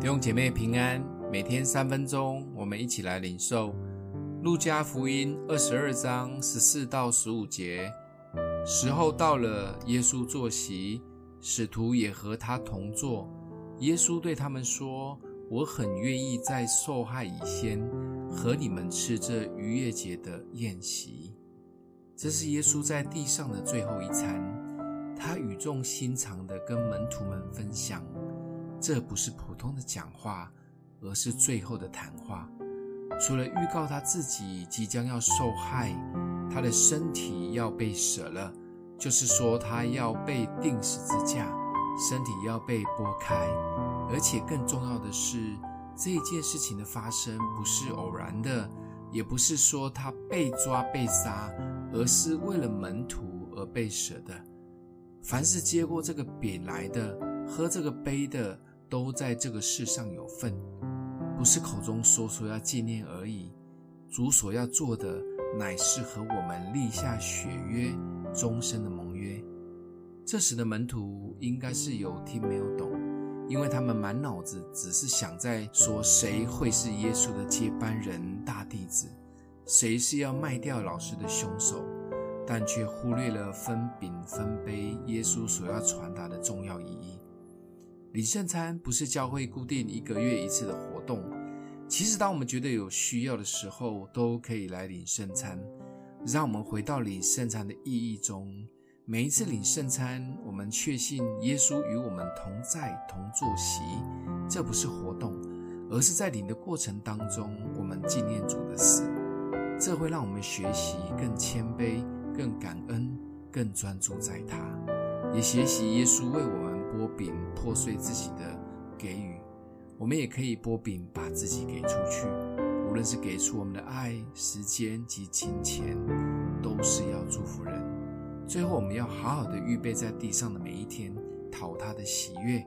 弟兄姐妹平安，每天三分鐘，我們一起來領受《路加福音》二十二章十四到十五節。時候到了，耶穌坐席，使徒也和他同坐。耶穌對他們說：“我很願意在受害以先和你們吃這逾越節的筵席。”這是耶穌在地上的最後一餐。他語重心長地跟門徒們分享。這不是普通的講話，而是最後的談話。除了預告他自己即將要受害，他的身體要被捨了，就是說他要被釘十字架，身體要被剝開，而且更重要的是，這件事情的發生不是偶然的，也不是說他被抓被殺，而是為了門徒而被捨的。凡是接過這個餅來的，喝這個杯的，都在這個世上有份，不是口中說說要紀念而已。主所要做的，乃是和我們立下血約，終身的盟約。這時的門徒應該是有聽沒有懂，因為他們滿腦子只是想在說誰會是耶穌的接班人、大弟子，誰是要賣掉老師的兇手，但卻忽略了分餅分杯，耶穌所要傳達的重要。領聖餐不是教會固定一個月一次的活動，其實當我們覺得有需要的時候，都可以來領聖餐。讓我們回到領聖餐的意義中，每一次領聖餐，我們確信耶穌與我們同在同坐席。這不是活動，而是在領的過程當中，我們紀念主的死。這會讓我們學習更謙卑、更感恩、更專注在他，也學習耶穌為我們。擘餅破碎自己的給予，我們也可以擘餅把自己給出去。無論是給出我們的愛、時間及金錢，都是要祝福人。最後，我們要好好的預備在地上的每一天，討他的喜悅，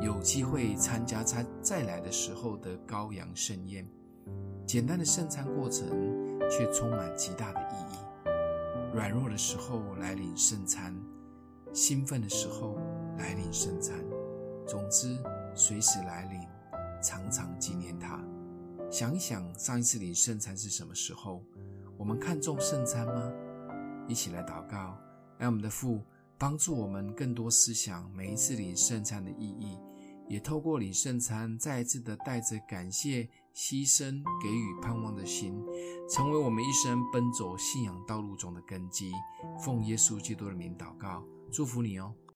有機會參加他再來的時候的羔羊盛宴。簡單的聖餐過程，卻充滿極大的意義。軟弱的時候來領聖餐，興奮的時候。來領聖餐，總之，隨時來領，常常紀念他。想一想，上一次領聖餐是什麼時候？我們看重聖餐嗎？一起來禱告，愛我們的父，幫助我們更多思想每一次領聖餐的意義，也透過領聖餐再一次的帶着感謝、犧牲、給予、盼望的心，成為我們一生奔走信仰道路中的根基。奉耶穌基督的名禱告，祝福你哦。